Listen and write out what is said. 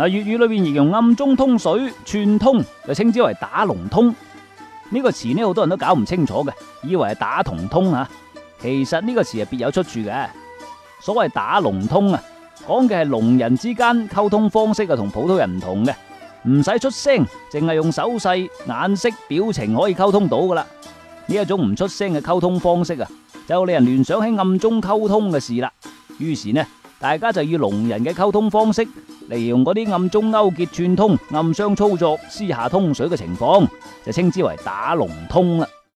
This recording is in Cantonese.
啊！粵語裏面形容暗中通水串通，就稱之為打聾通。呢個詞呢好多人都搞唔清楚嘅，以為係打通通嚇。其實呢個詞係別有出處嘅。所謂打聾通啊，講嘅係聾人之間溝通方式啊，同普通人唔同嘅，唔使出聲，淨係用手勢、眼色、表情可以溝通到噶啦。呢一種唔出聲嘅溝通方式啊，就令人聯想起暗中溝通嘅事啦。於是呢～大家就以聾人嘅溝通方式，利用嗰啲暗中勾結、串通、暗箱操作、私下通水嘅情況，就稱之為打聾通啦。